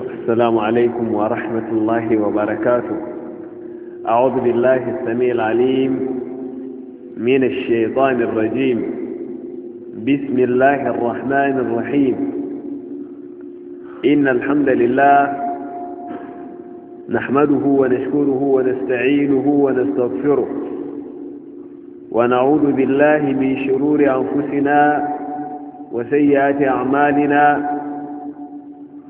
السلام عليكم ورحمة الله وبركاته أعوذ بالله السميع العليم من الشيطان الرجيم بسم الله الرحمن الرحيم إن الحمد لله نحمده ونشكره ونستعينه ونستغفره ونعوذ بالله من شرور أنفسنا وسيئات أعمالنا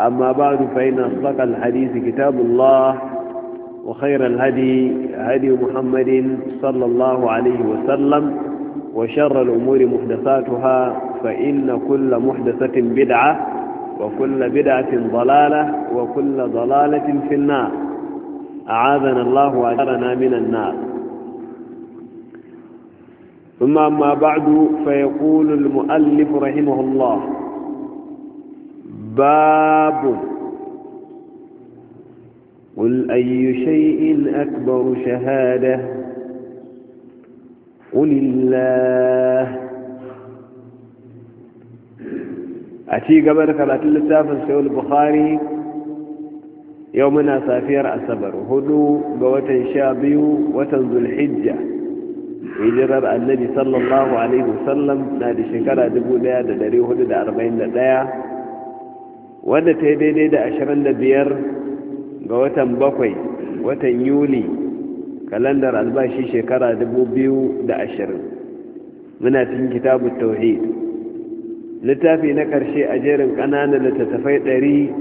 أما بعد فإن أصدق الحديث كتاب الله وخير الهدي هدي محمد صلى الله عليه وسلم وشر الأمور محدثاتها فإن كل محدثة بدعة وكل بدعة ضلالة وكل ضلالة في النار أعاذنا الله وأجرنا من النار ثم أما بعد فيقول المؤلف رحمه الله باب قل أي شيء أكبر شهادة قل الله أتي قبل قراءة اللتافة سيول البخاري يومنا سافير أسبر هدو قوة شابي وتنزو الحجة النبي صلى الله عليه دا, دا, دا, دا, دا, دا, دا, دا, 1441 Wanda ta yi daidai da ashirin da biyar ga watan bakwai watan yuli kalandar albashi shekara dubu biyu da ashirin muna cikin kitabu tauhid littafi na ƙarshe a jerin ƙananan littattafai ɗari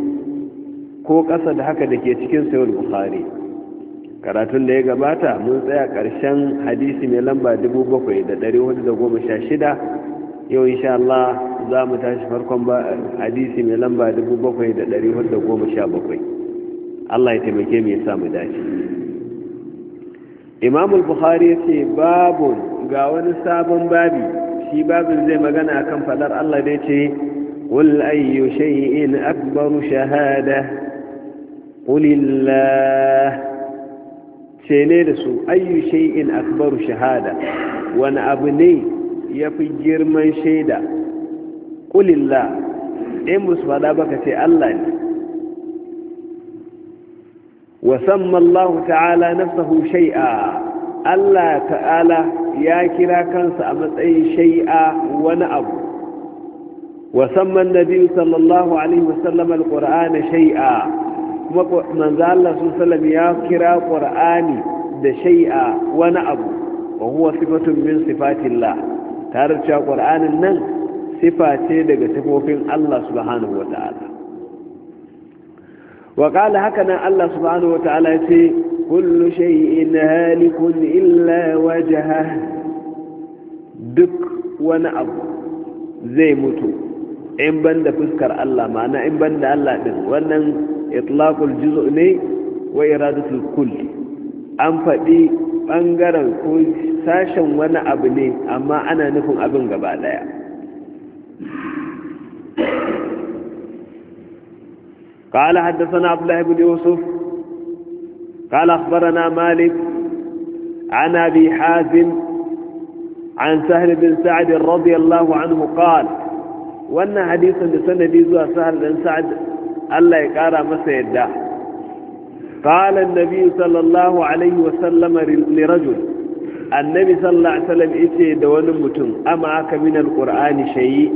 ko ƙasa da haka da ke cikin sayar Buhari' karatun da ya gabata mun tsaya ƙarshen hadisi mai lamba dubu bakwai da da goma sha shida yau insha Allah za mu tashi farkon hadisi mai lamba 7417 Allah ya taimake mu ya samu dace Imam al-Bukhari ce babun ga wani sabon babi shi babin zai magana a kan fadar Allah da yace qul ayyu shay'in akbaru shahada qul ce ne da su ayyu shay'in akbaru shahada wani abu ne ya fi girman shaida kulillah in musu fada baka ce Allah ne wa samma Allah ta'ala nafsahu shay'a Allah ta'ala ya kira kansa a matsayin shay'a wani abu wa samma sallallahu alaihi wasallam alqur'ana shay'a kuma manzo Allah sallallahu ya kira qur'ani da shay'a wani abu wa huwa sifatun min sifatillah tare da qur'anin nan sifa ce daga sifofin Allah subhanahu wa ta'ala wa haka nan Allah subhanahu wa ta'ala ce, kullu shay'in halikun illa wajha duk wani abu zai mutu in banda fuskar Allah ma'ana in banda Allah ɗin wannan itlaqul juzu ne wa iradatul kull an faɗi ɓangaren ko sashen wani abu ne amma ana nufin abin gaba ɗaya قال حدثنا عبد الله بن يوسف قال أخبرنا مالك عن أبي حازم عن سهل بن سعد رضي الله عنه قال وأن حديثا لسندي زوى سهل بن سعد ألا يقارى مسيدا قال النبي صلى الله عليه وسلم لرجل النبي صلى الله عليه وسلم إتي دون متن أما من القرآن شيء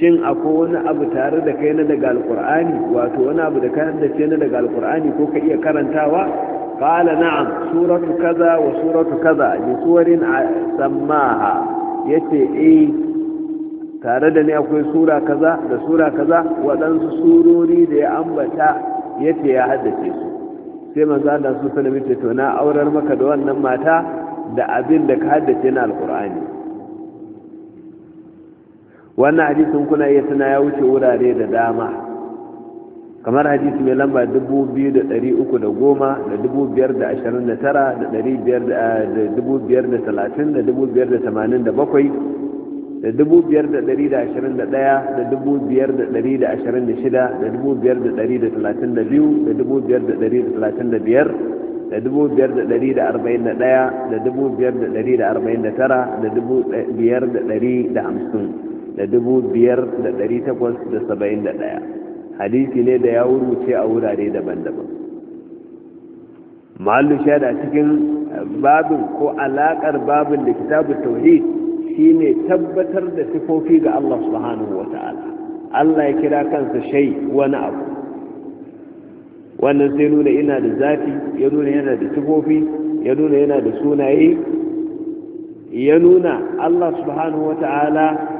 shin akwai wani abu tare da kai na daga alkur'ani wato wani abu da kai da ce na daga alkur'ani ko ka iya karantawa qala na'am suratu kaza wa suratu kaza bi suwarin sammaha yace eh tare da ni akwai sura kaza da sura kaza waɗansu surori da ya ambata yace ya haddace su sai manzo Allah alaihi wasallam ce to na aurar maka da wannan mata da abin da ka haddace na alkur'ani wannan hadisin kuna iya tuna ya wuce wurare da dama kamar hadisi mai lamba 2,310 da 5,529 da 5,530 da 5,587 da 5,521 da 5,526 da 5,532 da 5,535 da dubu biyar da ɗari da arba'in da ɗaya da dubu biyar da da arba'in da tara da dubu biyar da da hamsin da dubu biyar da ɗari takwas da saba'in da ɗaya hadisi ne da ya wuce a wurare daban-daban mahallu shaida cikin eh, babin ko alaƙar babin da kitabu tauhid shine tabbatar da sifofi ga Allah subhanahu wa ta'ala Allah ya kira kansa shai wani abu wannan sai nuna ina da zafi ya nuna yana da sifofi ya nuna yana da sunaye ya nuna Allah subhanahu wa ta'ala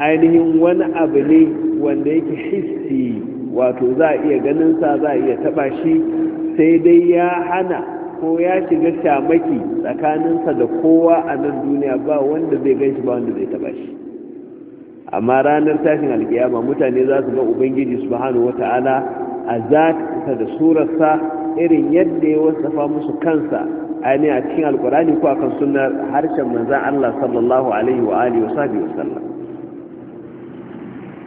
ainihin wani abu ne wanda yake hissi wato za a iya ganinsa za a iya taba shi sai dai ya hana ko ya shiga shamaki tsakaninsa da kowa a nan duniya ba wanda zai gan shi ba wanda zai taba shi amma ranar tashin alkiyama mutane za su ga ubangiji subhanahu wata'ala a zatinsa da surarsa irin yadda ya wasafa musu kansa ani a cikin alkurani ko a kan sunnar harshen manzan allah sallallahu alaihi wa alihi wa sallam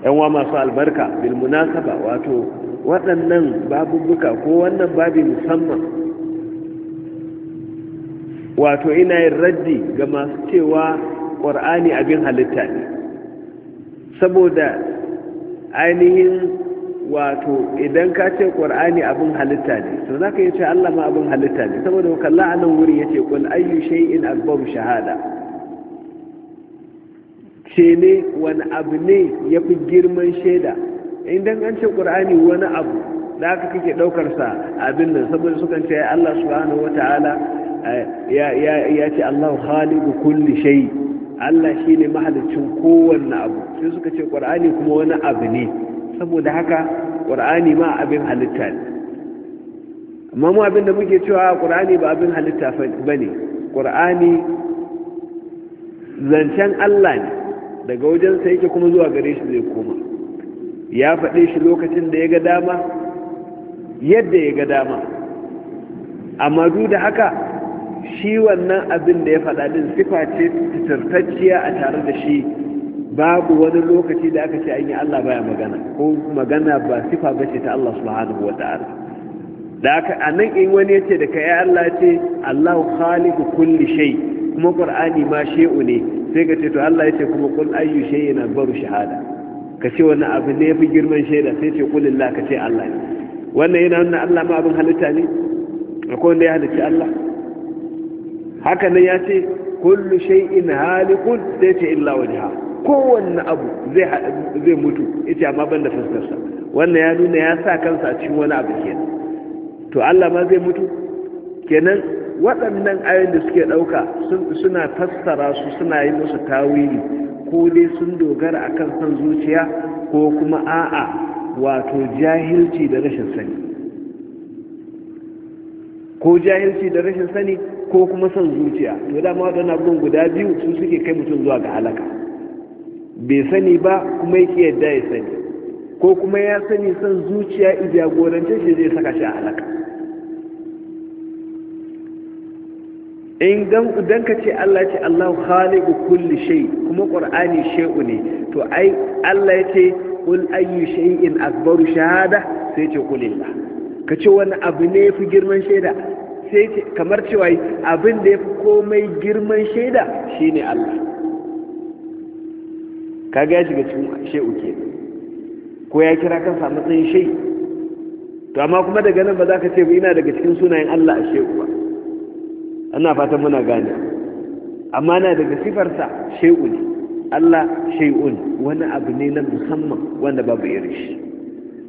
yan wa masu albarka bil munasaba wato waɗannan babubuka ko wannan babi musamman wato ina yin raddi ga masu cewa ƙwar'ani abin halitta ne saboda ainihin wato idan ka ce ƙwar'ani abin halitta ne to za ka yi ce allah ma abin halitta ne saboda kalla a nan wuri ya ce ƙul ayyu shay'in shahada ce ne wani abu ne ya fi girman shaida idan an ce ƙur'ani wani abu da aka kake ɗaukarsa abin nan saboda sukan ce Allah subhanahu wa ta'ala eh, ya ce Allah khaliqu kulli shai Allah shi ne mahalicin kowanne abu sai suka ce ƙur'ani kuma wani abu ne saboda haka ƙur'ani ma abin halitta ne amma mu abin da muke cewa ƙur'ani ba abin halitta ba ne ƙur'ani zancen Allah ne daga wajensa yake kuma zuwa gare shi zai koma ya faɗe shi lokacin da ya ga dama yadda ya ga dama amma duk da haka shi wannan abin da ya faɗa din sifa ce titartacciya a tare da shi babu wani lokaci da aka ce an yi Allah baya magana ko magana ba sifa ba ce ta Allah subhanahu wa ta'ala da aka a nan in wani yace da kai Allah ce allahu khaliqu kulli shay kuma Qur'ani ma shay'u ne sai ka ce to Allah ya ce kuma kul ayyu na akbaru shahada ka ce wannan abu ne ya fi girman shaida sai ce kul ka ce Allah ne wannan yana nuna Allah ma abin halitta ne akwai wanda ya halicci Allah haka nan ya ce kullu shay'in halikun sai ce illa wajha kowanne abu zai zai mutu yace amma banda fuskarsa wannan ya nuna ya sa kansa a cikin wani abu kenan to Allah ma zai mutu kenan waɗannan ayoyin da suke ɗauka suna fassara su suna yi musu tawili ko dai sun dogara akan son zuciya ko kuma a'a wato jahilci da rashin sani ko jahilci da rashin sani ko kuma son zuciya to dama waɗannan abubuwan guda biyu su suke kai mutum zuwa ga halaka bai sani ba kuma ya yadda ya sani ko kuma ya sani son zuciya jagorance shi zai saka shi a halaka in dan ka ce Allah ce Allah khaliqu kulli shay kuma qur'ani shay'u ne to ai Allah ya ce qul ayyu shay'in akbaru shahada sai ce qulillah ka ce wani abu ne fi girman shaida sai ce kamar cewa abin da yafi komai girman shaida shine Allah kaga ya shiga cikin shay'u ke ko ya kira kansa matsayin shay to amma kuma daga nan ba za ka ce ina daga cikin sunayen Allah a shay'u ba ana fatan muna gane amma na daga sifarsa shay'un Allah shay'un wani abu ne na musamman wanda babu irin shi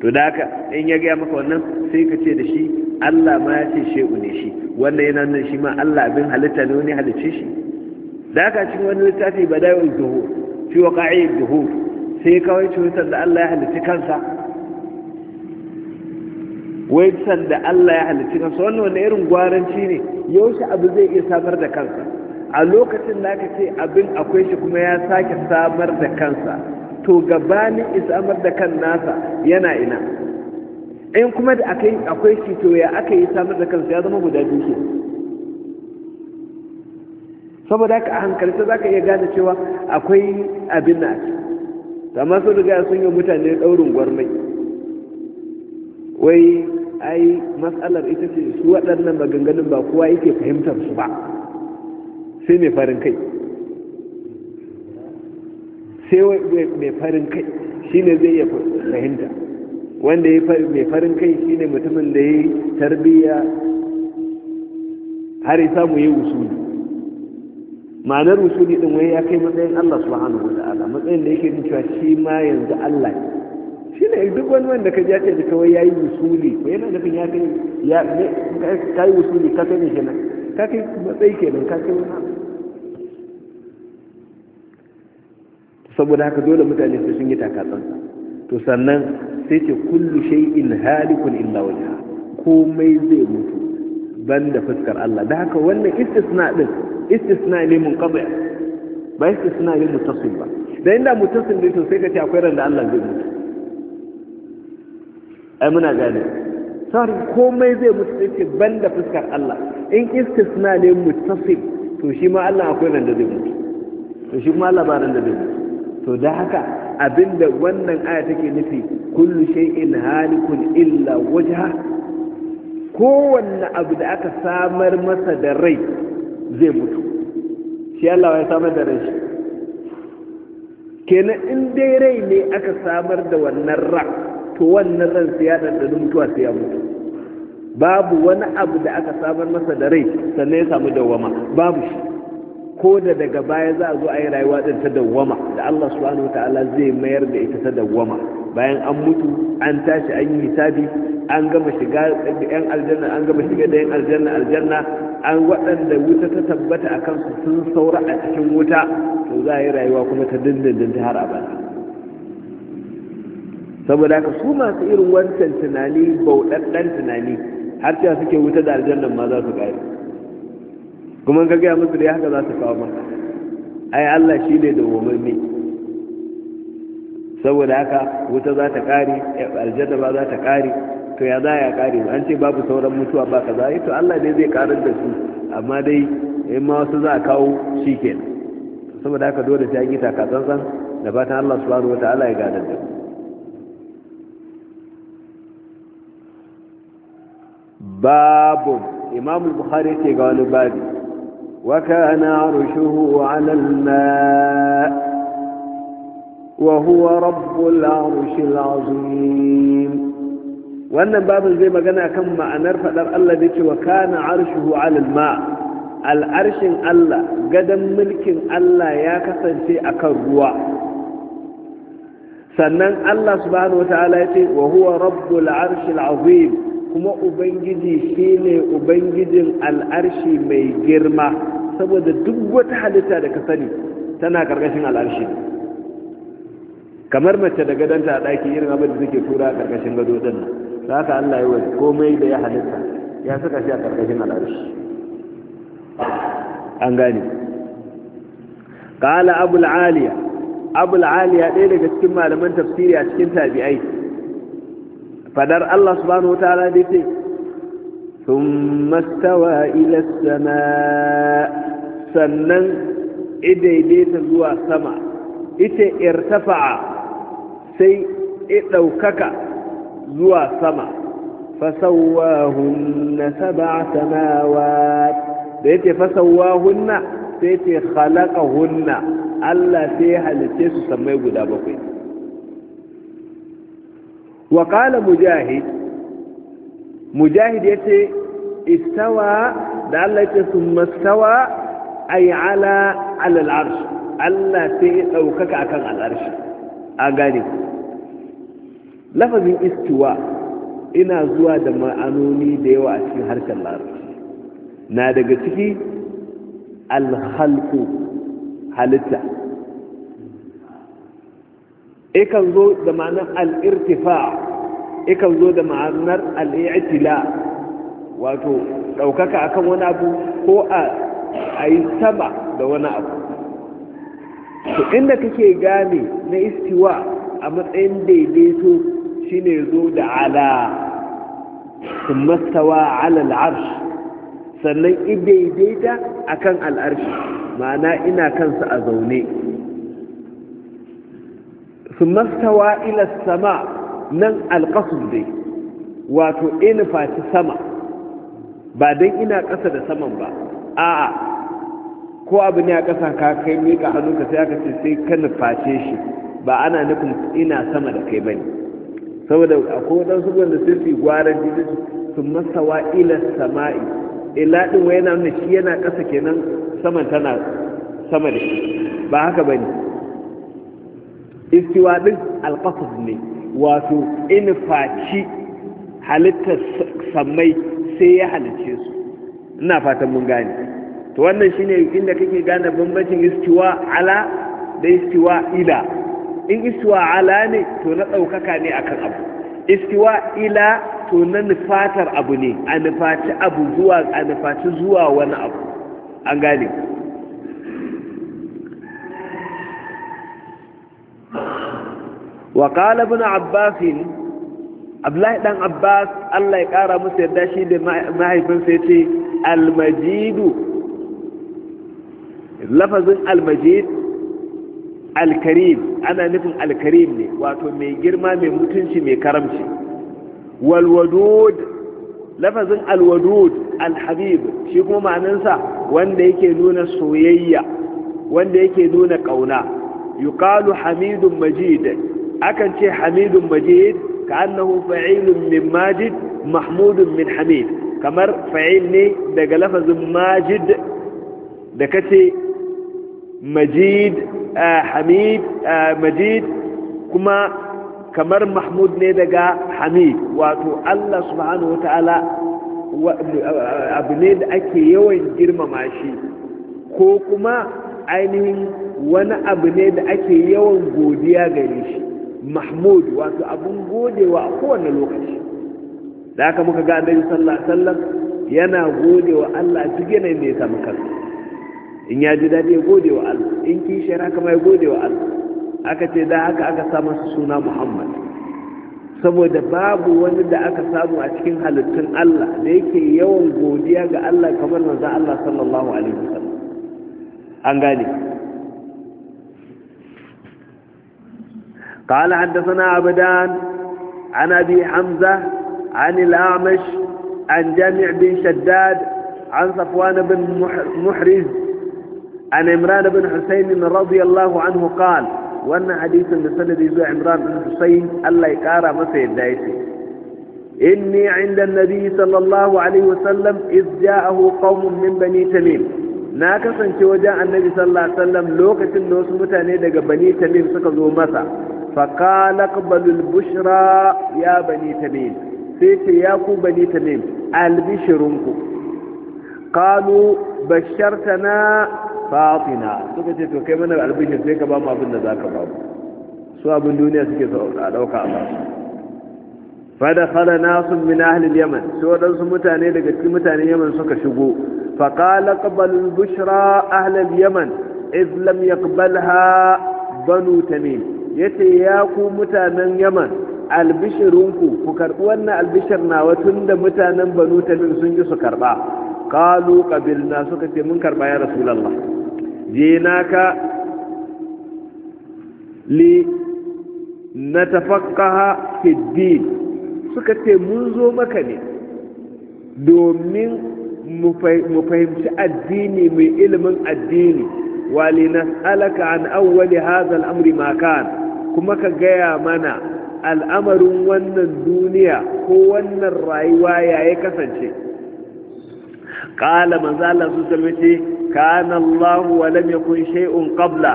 to da haka in ya gaya maka wannan sai ka ce da shi Allah ma ya ce shay'un ne shi wannan yana nan shi ma Allah abin halitta ne wani halicci shi da haka cikin wani littafi badai'ul zuhur fi waqa'i zuhur sai kawai cutar da Allah ya halicci kansa wai san da Allah ya halicci kansa wannan wani irin gwaranci ne yaushe abu zai iya samar da kansa a lokacin da aka ce abin akwai shi kuma ya sake samar da kansa to gabanin isamar da kan nasa yana ina in kuma da akwai shi to ya aka yi samar da kansa ya zama guda biyu saboda haka a hankalta za ka iya gane cewa akwai abin na ciki amma sun riga sun yi mutane daurin gwarmai wai ai matsalar ita ce su waɗannan maganganun ba kowa yake fahimtar su ba sai mai farin kai sai mai farin kai shine zai iya fahimta wanda ya mai farin kai shine mutumin da ya yi tarbiyya har ya samu ya usuli ma'anar usuli din wai ya kai matsayin Allah subhanahu wa ta'ala matsayin da yake cewa shi ma yanzu Allah ne ne duk wani wanda ka ji da kawai yayi wusuli ko yana nufin ya kai ya kai musuli ka kai ne nan, ka kai matsayi kenan ka kai wani saboda haka dole mutane su sun yi takatsan to sannan sai ce kullu shay'in halikun illa wajha komai zai mutu banda fuskar Allah da haka wannan istisna din istisna ne munqati ba istisna ne mutasil ba da inda mutasil ne to sai ka ce akwai randa Allah zai mutu ai muna gane sorry komai zai mutu sai ce banda fuskar Allah in istisna ne muttasil to shi ma Allah akwai nan da zai mutu to shi kuma Allah ba nan da zai mutu to da haka abinda wannan aya take nufi kullu shay'in halikun illa wajha kowanne abu da aka samar masa da rai zai mutu shi Allah ya samar da rai shi kenan in dai rai ne aka samar da wannan rai to wannan ran sai ya ɗanɗani mutuwa sai ya mutu babu wani abu da aka samar masa da rai sannan ya samu dawwama babu shi ko da daga baya za a zo a yi rayuwa din ta dawwama da Allah subhanahu wataala zai mayar da ita ta dawwama bayan an mutu an tashi an yi hisabi an gama shiga da yan aljanna an gama shiga da yan aljanna aljanna an waɗanda wuta ta tabbata a kansu sun saura a cikin wuta to za a yi rayuwa kuma ta dindindin ta har abada saboda haka su masu irin wancan tunani bauɗaɗɗen tunani har cewa suke wuta da aljannan ma za su ƙare kuma ka gaya musu da haka za su kawo maka ai Allah shi ne da womanni saboda haka wuta za ta ƙare aljanna ba za ta ƙare to ya za ya ƙare an ce babu sauran mutuwa ba ka za to Allah ne zai ƙarar da su amma dai in ma wasu za a kawo shi kenan saboda haka dole sai ta yi takatsantsan da fatan Allah subhanahu ta'ala ya gadar da mu باب امام البخاري في غالبادي وكان عرشه على الماء وهو رب العرش العظيم وان باب زي ما قلنا كم ما نرفع در الله ديك وكان عرشه على الماء العرش الله قدم ملك الله يا كسر في اكروا سنن الله سبحانه وتعالى وهو رب العرش العظيم kuma ubangiji ne ubangijin al'arshi mai girma saboda duk wata halitta da ka sani tana karkashin al'arshi kamar mace da gadonta a ɗaki irin abin da suke tura a karkashin gado ɗin da haka Allah ya wani komai da ya halitta ya saka shi a karkashin al'arshi an gane qala abul aliya abul aliya ɗaya daga cikin malaman tafsiri a cikin tabi'ai fadar Allah subhanahu wa ta'ala da ce thumma stawa sannan idaidaita zuwa sama ita irtafa'a sai ɗaukaka zuwa sama fasawahunna sab'a samawat da yake fasawahunna sai ce khalaqahunna Allah sai halice su samai guda bakwai wa qala mujahid mujahid yace istawa da Allah yace summa istawa ay ala ala al Allah sai ya ɗaukaka akan al a gane lafazin istiwa ina zuwa da ma'anoni da yawa a cikin harkan larabci na daga ciki al halitta ikan zo da ma'anar al'irtifa ikan zo da ma'anar al'i'tila wato ɗaukaka akan wani abu ko a yi sama da wani abu to inda kake gane na istiwa a matsayin daidaito shine zo da ala sun mastawa alal arsh sannan idaidaita akan al'arshi ma'ana ina kansa a zaune su mastawa ila sama nan alƙasus dai wato ina faci sama ba don ina ƙasa da saman ba a'a ko abin ya a ƙasa ka kai miƙa hannunka sai aka ce sai ka nuface shi ba ana nufin ina sama da kai bane saboda akwai waɗansu wanda sai su yi gwaran jini su mastawa ila sama'i ila ɗin wa yana nuna shi yana ƙasa kenan saman tana sama da shi ba haka bane istiwa ɗin alqasas ne wato in faci halittar sammai sai ya halicce su ina fatan mun gane to wannan shine inda kake gane bambancin istiwa ala da istiwa ila in istiwa ala ne to na ɗaukaka ne akan abu istiwa ila to na nufatar abu ne a nufaci abu zuwa a nufaci zuwa wani abu an gane wa qala ibn abbas abdullahi dan abbas Allah ya kara musu ya shi da mahaifinsa yace al-majid lafazin al-majid al-karim ana nufin al-karim ne wato mai girma mai mutunci mai karamci Walwadud, wadud lafazin al wadud al habib shi kuma ma'anansa wanda yake nuna soyayya wanda yake nuna ƙauna. yuqalu hamidun majid akan ce hamidun majid ka annahu fa'ilun min majid mahmudun min hamid kamar fa'il ne daga lafazin majid da kace majid hamid majid kuma kamar mahmud ne daga hamid wato Allah subhanahu wata'ala abu ne da ake yawan girmama shi ko kuma ainihin wani abu ne da ake yawan godiya gare shi mahmud wato abun godewa a kowane lokaci da haka muka ga annabi sallallahu alaihi wasallam yana godewa Allah duk yanayin da ya samu kansa in ya ji dadi ya Allah in kishiyar haka ma ya godewa Allah aka ce da haka aka sa masa suna Muhammad saboda babu wani da aka samu a cikin halittun Allah da yake yawan godiya ga Allah kamar manzon Allah sallallahu alaihi wasallam an gane قال حدثنا عبدان عن أبي حمزة عن الأعمش عن جامع بن شداد عن صفوان بن محرز عن عمران بن حسين رضي الله عنه قال وأن حديث لسند زو عمران بن حسين الله يقارى مسيح دايتي إني عند النبي صلى الله عليه وسلم إذ جاءه قوم من بني تميم na kasance wajen annabi sallallahu alaihi wasallam lokacin da wasu mutane daga bani tamim suka zo masa fakalak balul ya bani tamim sai ce ya ku bani tamim albishirinku kalu basharta fatina suka ce to kai mana albishir sai ka ba abin da za ka ba su abin duniya suke sauka dauka a basu fada fada na sun min ahalin yaman su waɗansu mutane daga cikin mutanen yaman suka shigo fakala kabalin bushra yaman izlam ya kabalha banu tamim yace ya ku mutanen yaman albishirinku ku karɓi wannan albishir nawa tun da mutanen banu tamim sun ji su karɓa kalu ƙabilna suka ce mun karɓa ya rasulullah jinaka li na fi din suka ce mun zo maka ne domin mu fahimci addini mai ilimin addini wa linas'alaka an awwali hadha amri ma kana kuma ka gaya mana al'amarin wannan duniya ko wannan rayuwa ya ya kasance ƙala manzo Allah su salmace kana Allah wa lam yakun shay'un qabla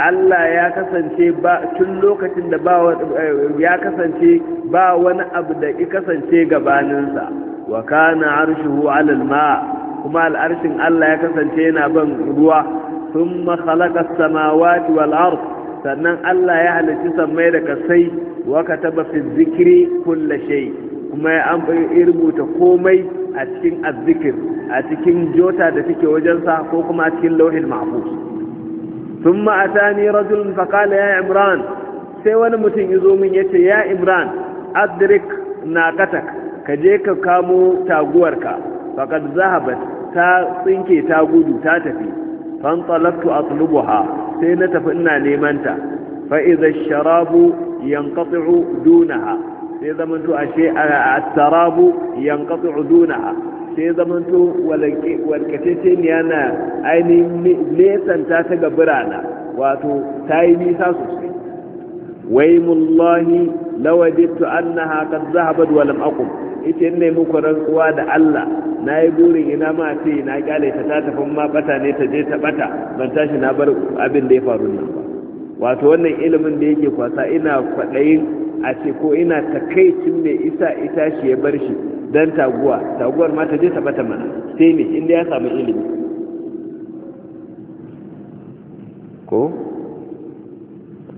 Allah ya kasance ba tun lokacin da ba eh, ya kasance ba wani abu da ya kasance gabaninsa wa kana arshuhu 'ala al kuma al'arshin Allah ya kasance yana ban ruwa thumma khalaqa as-samawati wal ardh sannan Allah ya halarci sammai da kasai waka taba fi zikiri kulli shai kuma ya rubuta komai a cikin azzikir a cikin jota da take wajensa ko kuma a cikin lauhin sun thumma atani rajulun faƙala ya imran sai wani mutum yazo min ya ce ya imran adrik na Katak ka je ka kamo taguwarka faqad zahabat ta tsinke ta gudu ta tafi fantalaqtu atlubuha sai na tafi ina neman ta fa sharabu yanqati'u dunaha sai zamanto ashe sharabu tarabu dunaha sai zamanto walkace ce ne yana ainihin nesanta ta ga birana wato ta yi nisa sosai waimullahi lawadittu annaha qad zahabat wa lam aqum ita ne muku rantsuwa da Allah na yi burin ina ma ce na kyale ta ta tafi ma bata ne ta je ta bata ban tashi na bar abin da ya faru nan ba wato wannan ilimin da yake kwasa ina kwaɗayin a ce ko ina takaicin mai isa ita shi ya bar shi don taguwa taguwar ma ta je ta bata mana sai ne inda ya samu ilimi ko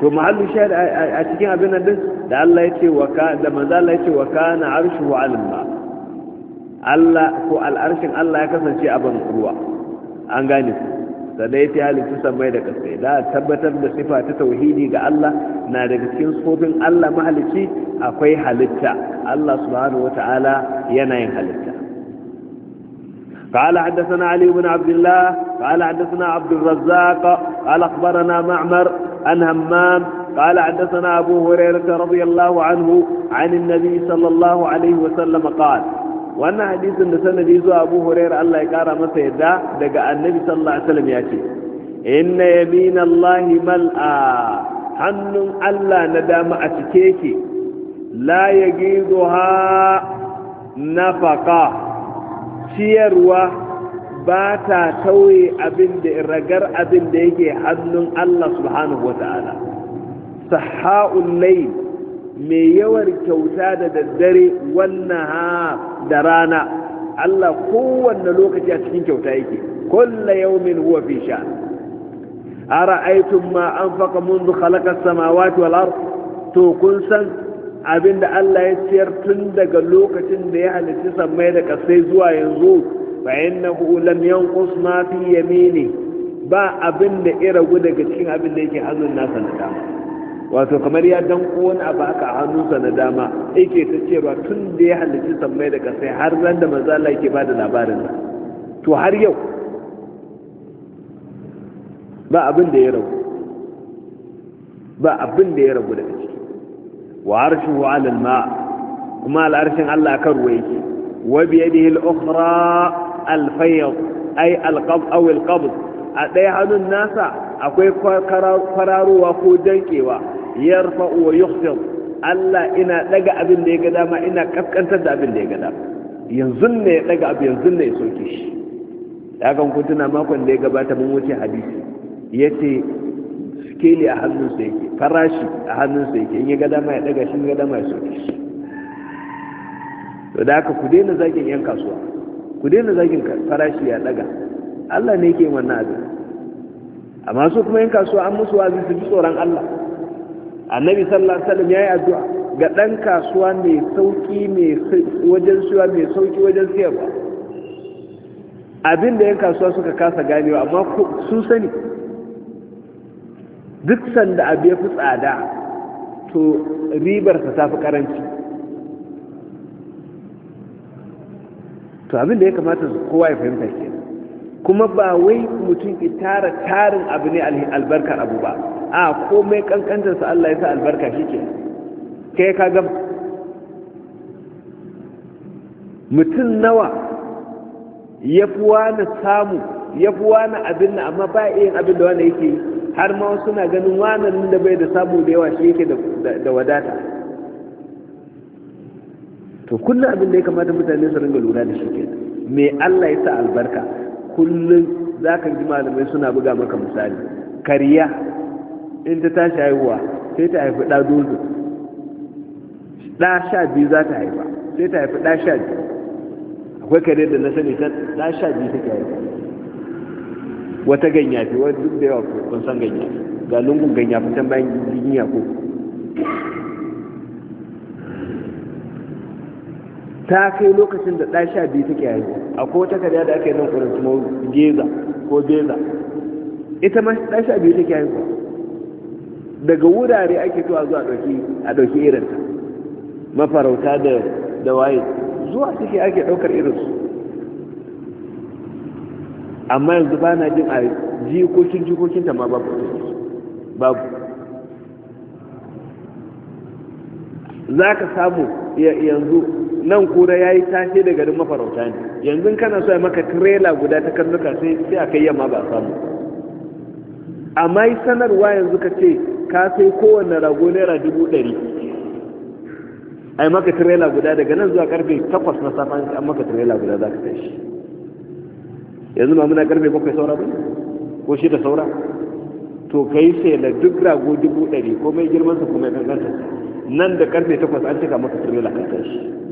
to mahallu shahid a cikin abin nan da Allah ya ce wa ka da manzo Allah ya ce wa kana arshu alma Allah ko al'arshin Allah ya kasance a ban ruwa an gane ku sannan ya halittu samai da kasai da tabbatar da sifa ta tauhidi ga Allah na daga cikin sufofin Allah mahalicci akwai halitta Allah subhanahu wata'ala yana yin halitta قال حدثنا علي بن عبد الله قال حدثنا عبد الرزاق قال أخبرنا معمر عن همام قال حدثنا أبو هريرة رضي الله عنه عن النبي صلى الله عليه وسلم قال wannan hadisin da sanadi zuwa abu hurairah Allah ya kara masa yadda daga annabi sallallahu alaihi wasallam ya ce inna yaminallahi mal'a hannun Allah na dama a cike yake la ciyarwa ba ta tauye abin da ragar abin da yake hannun Allah subhanahu wa ta'ala saha'ul lai mai yawar kyauta da daddare wannan ha da rana Allah kowanne lokaci a cikin kyauta yake kulla yawmin huwa fi sha ara'aytum ma anfaqa منذ خلق السماوات والارض to kun san abinda Allah ya ciyar tun daga lokacin da ya halitta sammai da kasai zuwa yanzu فإنه lam yanqus ma fi yamini ba abin da ya ragu daga cikin abin da yake hannun nasa na dama wato kamar ya dan wani abu aka a hannunsa na dama yake ta cewa tun da ya halicci sammai da kasai har ran da manzo Allah yake bada labarin sa to har yau ba abin da ya ragu ba abin da ya ragu daga ciki wa arshu ala al-ma kuma al-arshin Allah kan ruwa yake wa bi yadihi al-ukhra alfayyar ai al ƙabus a ɗaya hannun nasa akwai kwararowa ko dankewa yarfa wa yuhsir Allah ina daga abin da ya ga dama ina kaskantar da abin da ya ga dama yanzu ne ya daga abin, yanzu ne ya soke shi dagan kan tuna makon da ya gabata mun wuce hadisi yace skeli a hannunsa yake farashi a hannunsa yake in ya ga dama ya daga shi ya ga dama ya soke shi to da haka ku daina zagin yan kasuwa ku daina zagin farashi ya daga Allah ne yake wannan abin amma su kuma yin kasuwa an musu wazi su ji tsoron Allah annabi sallallahu alaihi wasallam yayi addu'a ga dan kasuwa mai sauki mai wajen siya mai sauki wajen siyarwa abin da yan kasuwa suka kasa ganewa amma su sani duk sanda abu ya fi tsada to ribarsa ta fi karanci to abin da ya kamata kowa ya fahimta ke kuma ba wai mutum ki tara tarin abu ne albarkar abu ba a komai su Allah ya sa albarka shi ke kai ka gama mutum nawa ya fi wani samu ya fi wani abin da amma ba yin abin da wani yake har ma suna ganin wani da bai da samu da yawa shi yake da wadata to kullum abin da ya kamata mutane su ringa lura da shi ke me Allah ya sa albarka kullum za ka ji malamai suna buga maka misali kariya in ta tashi haihuwa sai ta haifi ɗa dozo ɗa sha biyu za ta haifa sai ta haifi ɗa sha biyu akwai kare da na sani ta ɗa sha biyu ta haifa wata ganyafi wani duk da yawa kun san ganyafi ga lungun ganyafi can bayan giginya ta kai lokacin da ɗa sha biyu take haihuwa ko wata kariya da aka yi nan kurin kuma geza ko beza ita ma ɗa sha biyu take haihuwa daga wurare ake zuwa zuwa a ɗauki irin mafarauta da da waye zuwa suke ake ɗaukar irinsu amma yanzu ba na jin a jikokin jikokinta ma babu babu za ka samu yanzu nan kura ya yi tashe da garin mafarauta ne yanzu kana so maka tirela guda ta karnuka sai a kai yamma ba samu amma yi sanarwa yanzu ka ce ka sai kowane rago naira dubu ɗari a yi maka tirela guda daga nan zuwa karfe takwas na safan an maka tirela guda za ka kai shi yanzu ba muna karfe bakwai saura ba ko shi da saura to ka yi sai da duk rago dubu ɗari ko mai girmansa kuma ya kankanta nan da karfe takwas an cika maka tirela ka kai shi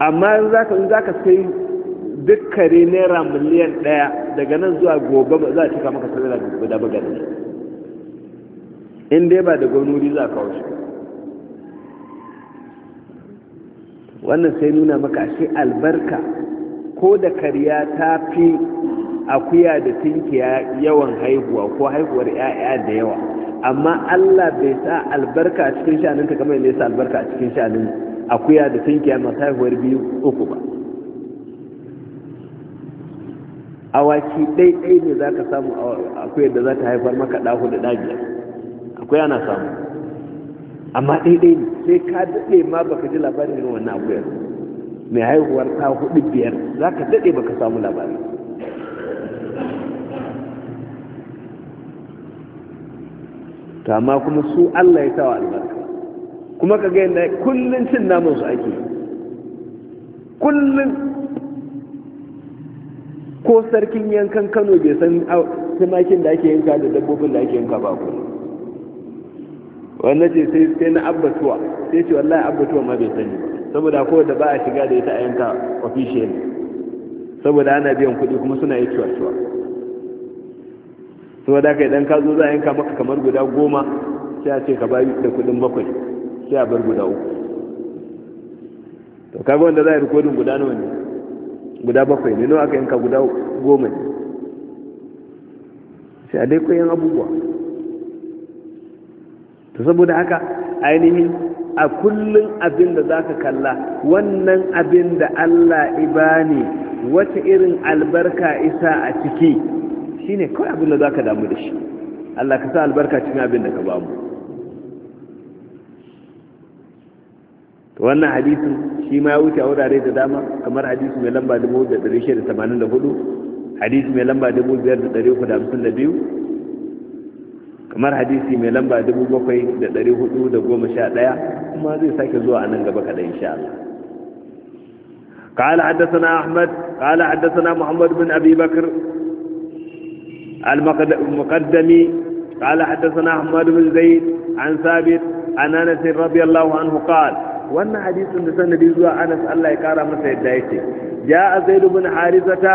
amma in zaka in sai duk kare naira miliyan ɗaya daga nan zuwa gobe za a cika maka sadara da buga da in dai ba da gwamnati za a kawo shi wannan sai nuna maka shi albarka ko da kariya ta fi akuya da tinkiya yawan haihuwa ko haihuwar 'ya'ya da yawa amma allah bai sa albarka a cikin sha'aninka kamar yadda ya sa albarka a cikin sha'anin akuya da tunkiya masu haihuwar biyu uku ba awaki ɗaiɗai ne za ka samu akuyar da za ta haifar maka ɗahu da ɗabiyar akuya na samu amma ɗaiɗai ne sai ka daɗe ma baka ji labarin irin wannan akuyar mai haihuwar ta hudu biyar za ka daɗe baka samu labari to amma kuma su allah ya sawa albarka kuma ka ga yadda kullum cin namun su ake kullum ko sarkin yankan kano bai san tumakin da ake yanka da dabbobin da ake yanka ba ku wannan ce sai sai na abbatuwa sai ce wallahi abbatuwa ma bai sani saboda ko da ba a shiga da ita a yanka official saboda ana biyan kuɗi kuma suna yi cuwa-cuwa saboda ka idan ka zo za a yanka maka kamar guda goma sai a ce ka bayu da kuɗin bakwai sai a bar guda uku to kaga wanda za a yi rikodin guda nawa ne guda bakwai ne nawa aka yanka guda goma ne sai a dai koyan abubuwa to saboda haka ainihin a kullum abin da za ka kalla wannan abin da Allah ibani wata irin albarka isa a ciki shine kawai abin da za ka damu da shi Allah ka sa albarka cikin abin da ka bamu to wannan hadisin shi ma ya wuce a wurare da dama kamar hadisi mai lamba 1684 hadisi mai lamba 5352 kamar hadisi mai lamba 7411 kuma zai sake zuwa a nan gaba kaɗan insha Allah قال حدثنا أحمد قال حدثنا محمد بن أبي بكر المقدمي قال حدثنا أحمد بن زيد عن ثابت عن أنس رضي الله عنه قال wannan hadisin da sanadi zuwa anas allah ya kara masa yadda yake ya zaid ibn harisata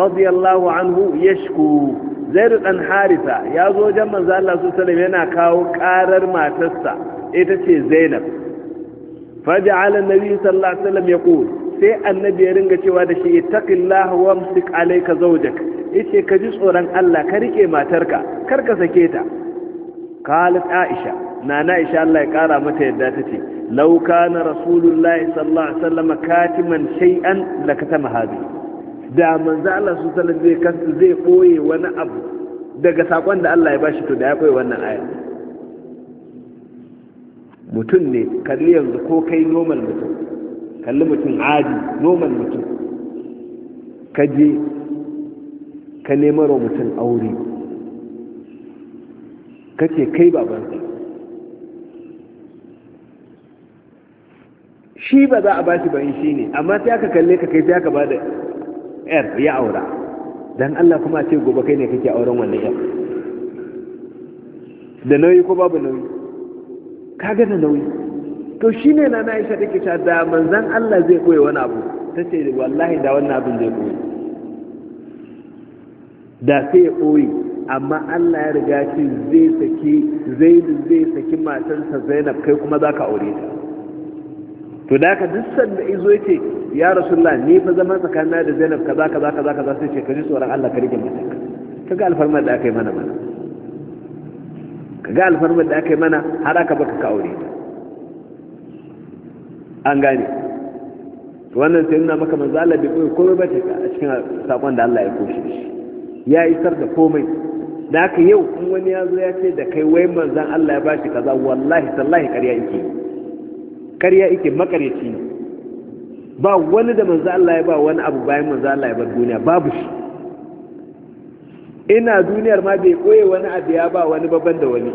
radiyallahu anhu yashku zaid dan harisa ya zo wajen manzo allah sallallahu alaihi yana kawo karar matarsa ita ce zainab faja'ala nabi sallallahu alaihi wasallam yaqul sai annabi ya ringa cewa da shi ittaqillaha wamsik alayka zawjak yace ka ji tsoron Allah ka rike matarka kar ka sake ta qalat aisha nana aisha Allah ya kara mata yadda tace لو كان رسول الله صلى الله عليه وسلم كاتما شيئا لكتم هذه da manzo Allah su sallallahu alaihi wasallam zai koye wani abu daga sakon da Allah ya bashi to da ya koyi wannan aya mutum ne kalli yanzu ko kai normal mutum kalli mutum adi normal mutum ka je ka nemarwa mutum aure kace kai sa. shi ba za a bashi bayan shi ne amma sai aka kalle ka kai sai aka ba da yar ya aura dan Allah kuma a ce gobe kai ne kake auren wannan yar da nauyi ko babu nauyi kaga da nauyi to shine na na Aisha take ta da manzon Allah zai koyi wani abu tace wallahi da wannan abin zai koyi da sai ya koyi amma Allah ya riga ce zai saki zai saki matansa Zainab kai kuma zaka aure ta to da ka duk sanda izo yace ya rasulullah ni fa zaman tsakanina da zainab kaza kaza kaza kaza sai ce ka ji tsoron Allah ka rike ka ga alfarmar da aka yi mana mana ga alfarmar da aka yi mana har aka baka ka aure an gane wannan sai nuna maka manzo Allah bai koyi komai ba a cikin sakon da Allah ya koshe shi ya isar da komai da aka yau in wani ya zo ya ce da kai wai manzan Allah ya bashi kaza wallahi sallahi ƙarya yake yi ƙarya ike makareci ne ba wani da manzo Allah ya ba wani abu bayan manzo Allah ya bar duniya babu shi ina duniyar ma bai koye wani abu ya ba wani babban da wani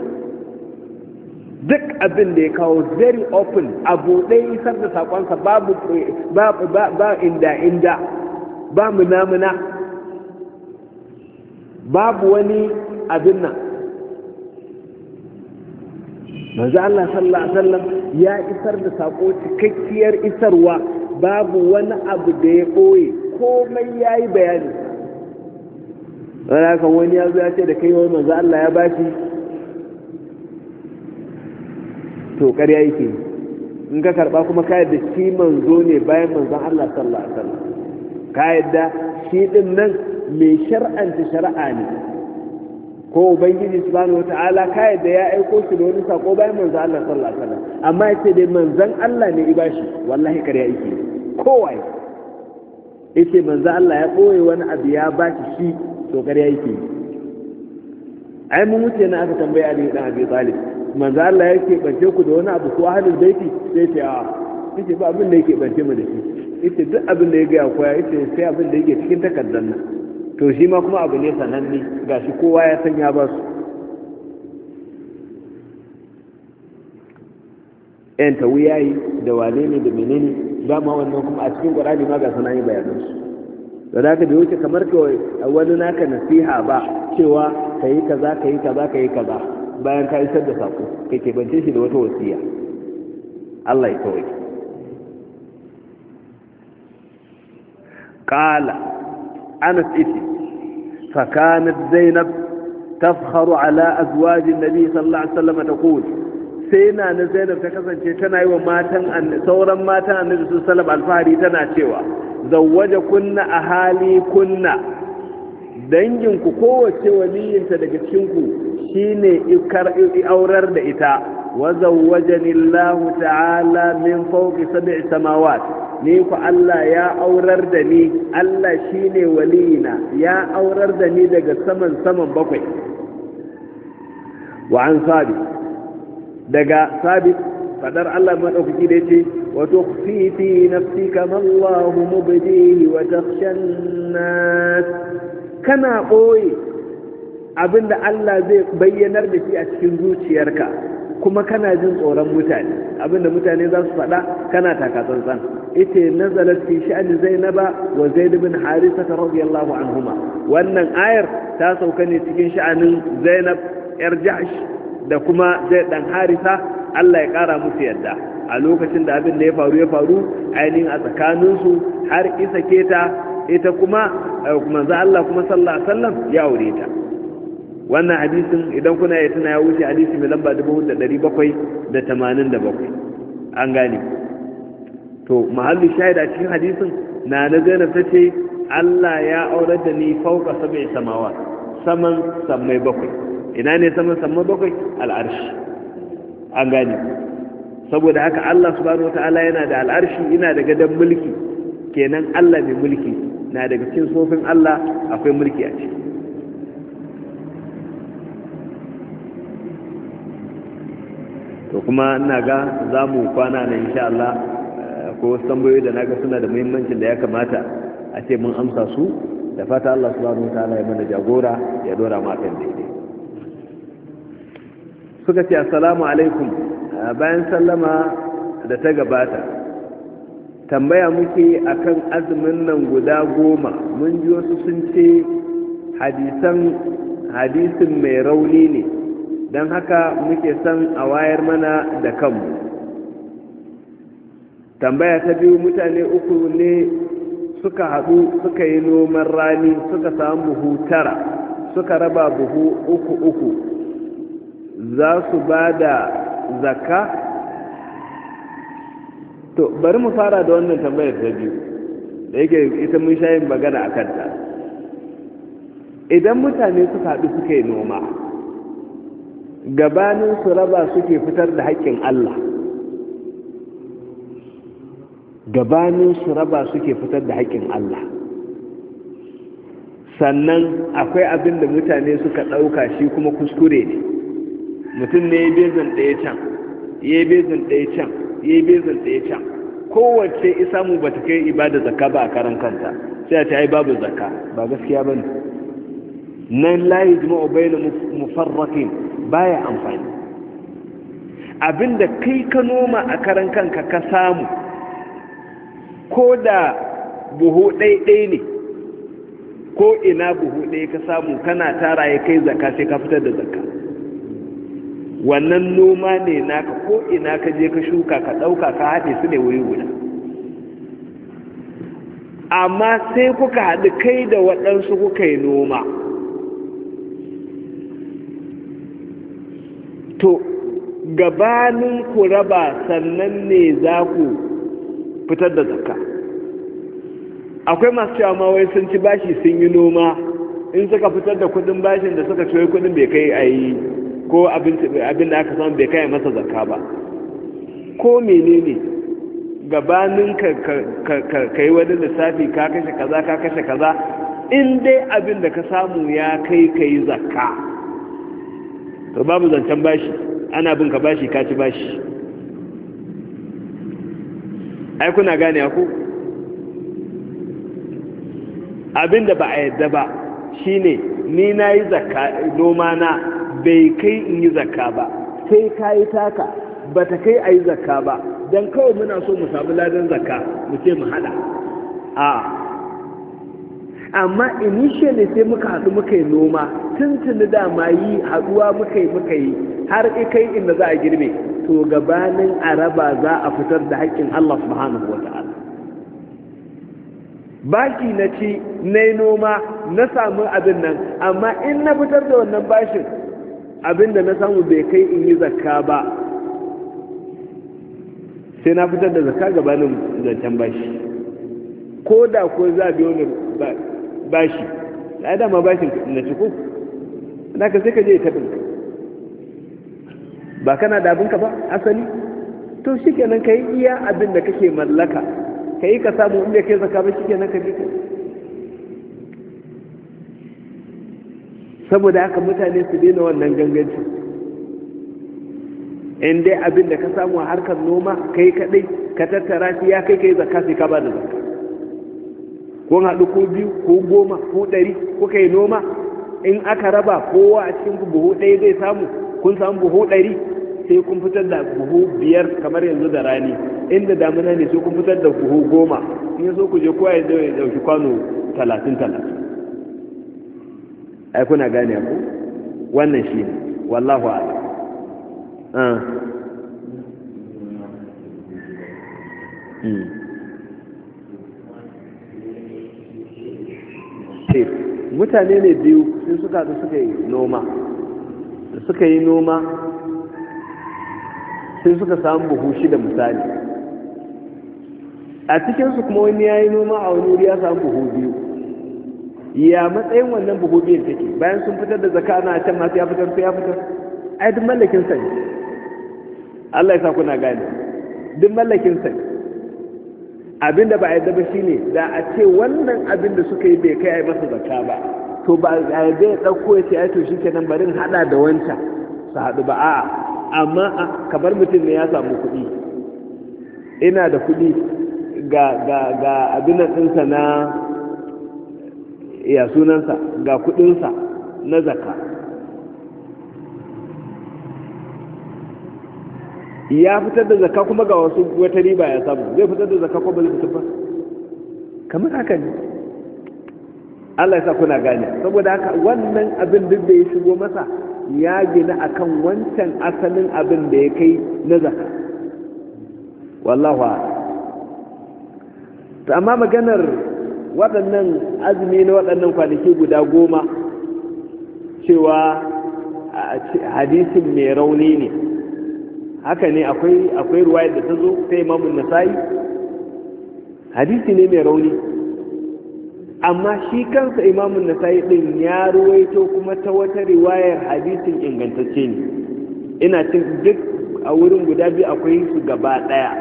duk abin da ya kawo very open abu ɗaya isar da saƙonsa babu ba ba inda inda ba munamuna babu wani abin nan manzo Allah sallallahu alaihi wasallam ya isar da sako cikakkiyar isarwa babu wani abu da ya koye komai yayi bayani wani kan wani ya zo ya ce da kai wani manzo Allah ya bashi to ƙarya yake in ka karba kuma ka yadda shi manzo ne bayan manzon Allah sallallahu alaihi wasallam ka yadda shi din nan mai shar'anta shari'a ne ko ubangiji subhanahu wataala ka yadda ya aiko shi da wani sako bayan manzon Allah sallallahu alaihi wasallam amma yace dai manzon Allah ne ibashi wallahi kariya yake kowa yace manzon Allah ya boye wani abu ya ba shi to kariya yake ai mun wuce na aka tambaya Ali dan Abi Talib manzon Allah yake bance ku da wani abu ko ahlul baiti sai ce a yace ba abin da yake bance mu da shi yace duk abin da ya ga koya yace sai abin da yake cikin takardar nan to shi ma kuma abu ne sananne ga shi kowa ya san ya ba su yanta wuyayi da wane ne da menene dama wannan kuma a cikin ƙwararri ma ga sanayi bayanansu da za ka wuce kamar kawai wani naka nasiha ba cewa ka yi kaza ka yi kaza ka yi kaza bayan ka isar da saƙo ka keɓance shi da wata wasiya Allah ya kawai ƙala anas iti fakanat zainab tafharu ala azwajin nabi sallallahu alaihi wasallam ta kowai sai na na zainab ta kasance tana yi wa matan sauran matan annabi sun salam alfahari tana cewa zawwaja kunna a hali kunna danginku kowace waliyinta daga cikinku shine ikar da ita wa zawwajani Allah ta'ala min fawqi sab'i samawat ni ku Allah ya aurar da ni Allah shi ne waliyina ya aurar da ni daga saman saman bakwai wa an sabit daga sabit fadar Allah madaukaki da yace wa tukhfi fi nafsika ma Allah mubdihi wa takhshan nas kana boye abinda Allah zai bayyanar da shi a cikin zuciyarka kuma kana jin tsoron mutane abinda mutane za su faɗa kana takatsantsan ita nazalat fi sha'ani zainaba wa zaid bin harisa an anhuma wannan ayar ta sauka ne cikin sha'anin zainab yar jahsh da kuma zai dan harisa Allah ya kara musu yadda a lokacin da abin da ya faru ya faru ainihin a tsakaninsu har isa keta ita kuma eh, manzo Allah kuma sallallahu alaihi ya aure ta wannan hadisin idan kuna ya tuna ya wuce hadisi mai lamba 4787 an gane to mahallin shaida cikin hadisin na na zainab ta ce Allah ya aurar da ni fauka sabai samawa saman samai bakwai ina ne saman samai bakwai al'arshi an gane saboda haka Allah subhanahu wata'ala yana da al'arshi ina da gadon mulki kenan Allah mai mulki na daga cin sofin Allah akwai mulki a ciki to kuma ina ga za mu kwana na insha Allah ko tambayoyi da naga suna da muhimmancin da ya kamata a ce mun amsa su da fata Allah subhanahu ta'ala ya mana jagora ya dora mu akan daidai suka ce assalamu alaikum bayan sallama da ta gabata tambaya muke akan azumin nan guda goma mun ji wasu sun ce hadisan hadisin mai rauni ne don haka muke son a wayar mana da kanmu tambaya ta biyu mutane uku ne suka haɗu suka yi noman rani suka samu buhu tara suka raba buhu uku uku za su ba da zaka to bari mu fara da wannan tambayar ta biyu da yake ita mun sha yin magana a kanta idan mutane suka haɗu suka yi noma gabanin su raba suke fitar da haƙƙin Allah gabanin su raba suke fitar da haƙƙin Allah sannan akwai abin da mutane suka ɗauka shi kuma kuskure ne mutum ne ya bezin ɗaya can ya bezin ɗaya can ya bezin ɗaya can kowace isa mu ba ta kai ibada zaka ba a karan kanta sai a ce ai babu zaka ba gaskiya ba ne nan layi jima'u bai na mufarrakin baya amfani abinda kai ka noma a karan kanka ka samu ko da buhu ɗaiɗai ne ko ina buhu ɗaya ka samu kana tara ya kai zaka sai ka fitar da zaka wannan noma ne naka ko ina ka je ka shuka ka ɗauka ka haɗe su ne wuri guda amma sai kuka haɗu kai da waɗansu kuka yi noma to gabanin ku raba sannan ne za ku fitar da zakka akwai masu cewa ma wai sun ci bashi sun yi noma in suka fitar da kudin bashin da suka ciwo kudin bai kai a yi ko abin da aka samu bai kai masa zakka ba ko menene gabanin ka yi wani lissafi ka kashe kaza ka kashe kaza in dai abin da ka samu ya kai ka yi zakka to babu zancen bashi ana bin ka bashi ka ci bashi ai kuna gane ku da ba a yadda ba shi ne ni na yi zaka noma na bai kai in yi zaka ba sai ka yi taka ba ta kai a yi zaka ba don kawai muna so mu samu ladan zaka mu ce mu hada a amma initially sai muka haɗu muka yi noma tuntuni ma yi haɗuwa muka yi muka yi har kai inda za a girbe to gabanin araba za a fitar da haƙƙin Allah subhanahu wa ta'ala baki na ci na yi noma na samu abin nan amma in na fitar da wannan bashin abin da na samu bai kai in yi zakka ba sai na fitar da zakka gabanin zancen bashi ko da ko za a biyo ni bashi ya dama bashin na ciko na ka sai ka je ta ɗinka ba kana da abinka ba asali to shi kenan ka yi iya abin da kake mallaka ka yi ka samu inda kai zaka ba shi kenan ka je ka saboda haka mutane su daina wannan ganganci in dai abin da ka samu a harkar noma kai kaɗai ka tattara shi ya kai kai zakka sai ka ba da zakka kun haɗu ko biyu ko goma ko ɗari kuka yi noma in aka raba kowa a cikin buhu ɗaya zai samu kun samu buhu ɗari sai kun fitar da buhu biyar kamar yanzu da rani inda damuna ne sai kun fitar da buhu goma in so ku je kowa ya zai ɗauki kwano talatin talatin ai kuna gane ku wannan shi ne wallahu ala. Ah. Mm. ce mutane ne biyu sun suka haɗu suka yi noma da suka yi noma sun suka samu buhu shida misali a cikinsu kuma wani ya yi noma a wani wuri ya samu buhu biyu ya matsayin wannan buhu biyun take bayan sun fitar da zaka na can masu ya fitar ya fitar ai duk mallakin sa ne Allah ya sa kuna gane duk mallakin sa ne abin da ba a da ba ne da a ce wannan abin da suka yi bai kai a yi masa zaka ba to ba a ya ɗauko ya ce ai to shi kenan barin haɗa da wancan su haɗu ba a'a amma kamar mutum ne ya samu kuɗi ina da kuɗi ga ga ga abin na ya sunansa ga kuɗinsa na zaka ya fitar da zakka kuma ga wasu wata riba ya samu zai fitar da zakka kuma zai fitar ba kamar haka ne Allah ya sa kuna gane saboda haka wannan abin duk da ya shigo masa ya gina akan wancan asalin abin da ya kai na zakka wallahu ta amma maganar waɗannan azumi na waɗannan kwanaki guda goma cewa hadisin mai rauni ne haka ne akwai akwai ruwayar da ta zo sai imamun nasa'i hadisi ne mai rauni amma shi kansa imamun nasa'i din ya ruwaito kuma ta wata riwayar hadisin ingantacce ne ina cin duk a wurin guda biyu akwai su gaba ɗaya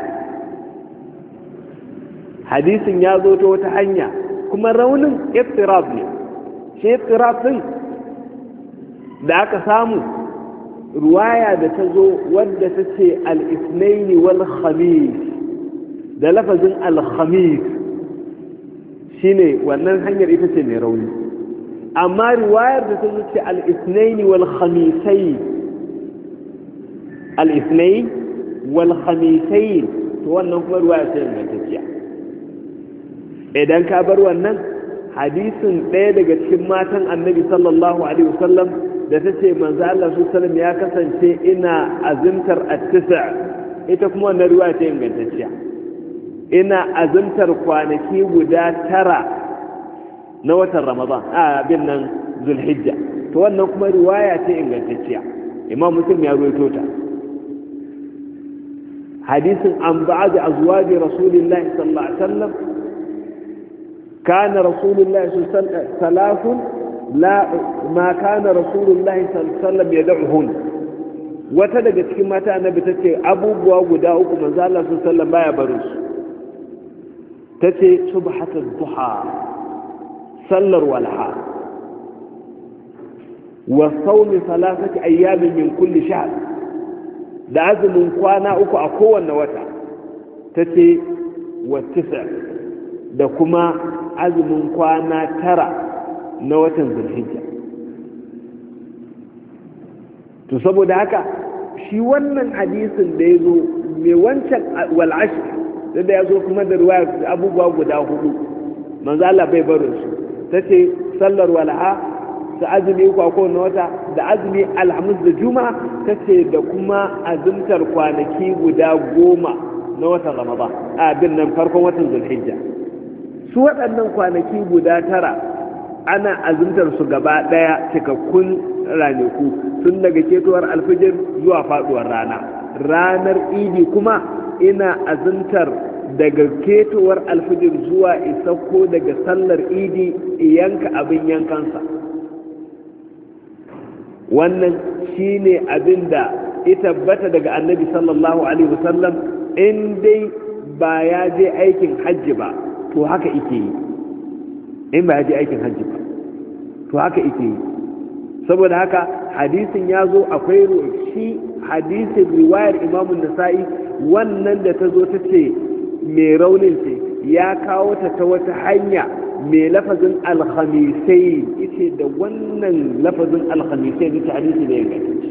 hadisin ya zo ta wata hanya kuma raunin iftirab ne shi iftirab din da aka samu ruwaya da ta zo wadda ta ce al-isnaini wal khamis da lafazin al-khamis shine wannan hanyar ita ce mai rauni amma ruwayar da ta zo ce al-isnaini wal khamisai al-isnain wal khamisai to wannan kuma ruwaya ce mai tafiya idan ka bar wannan hadisin ɗaya daga cikin matan annabi sallallahu alaihi wasallam da ta ce manzo Allah su salam ya kasance ina azimtar attisa ita kuma wannan ruwa ta ingantacciya ina azimtar kwanaki guda tara na watan ramadan a abin nan zulhijja to wannan kuma riwaya ce ingantacciya imam muslim ya ruwaito ta hadisin an ba'ad azwaji rasulillahi sallallahu alaihi wasallam kana rasulullahi sallallahu alaihi wasallam la ma kana rasulullahi sallallahu ya da'uhun wata daga cikin mata annabi ta ce abubuwa guda uku manzo Allah sallallahu baya barin su ta ce duha sallar walha wa sawm salasati ayyamin min kulli shahr da azumin kwana uku a kowanne wata tace ce wa tisa da kuma azumin kwana tara na watan zulhijja to saboda haka shi wannan hadisin da ya zo mai wancan wal'ashir da ya zo kuma da ruwa abubuwa guda hudu manzo Allah bai barin su tace sallar wal'a su azumi kwako na wata da azumi alhamis da juma'a tace da kuma azumtar kwanaki guda goma na watan ramadan a bin nan farkon watan zulhijja su waɗannan kwanaki guda tara ana azumtar su gaba daya cikakkun ranaku tun daga ketowar alfijir zuwa faduwar rana ranar idi kuma ina azumtar daga ketowar alfijir zuwa isakko daga sallar idi yanka abin yankansa wannan shine abin da ya tabbata daga annabi sallallahu alaihi wasallam in dai ba ya je aikin hajji ba to haka ike yi in ba ya je aikin hajji ba to haka ike yi saboda haka hadisin ya zo akwai shi hadisin riwayar imamun nasa'i wannan da ta zo ta ce mai raunin ce ya kawo ta ta wata hanya mai lafazin alhamisai ita da wannan lafazin alhamisai da ta hadisi da inganta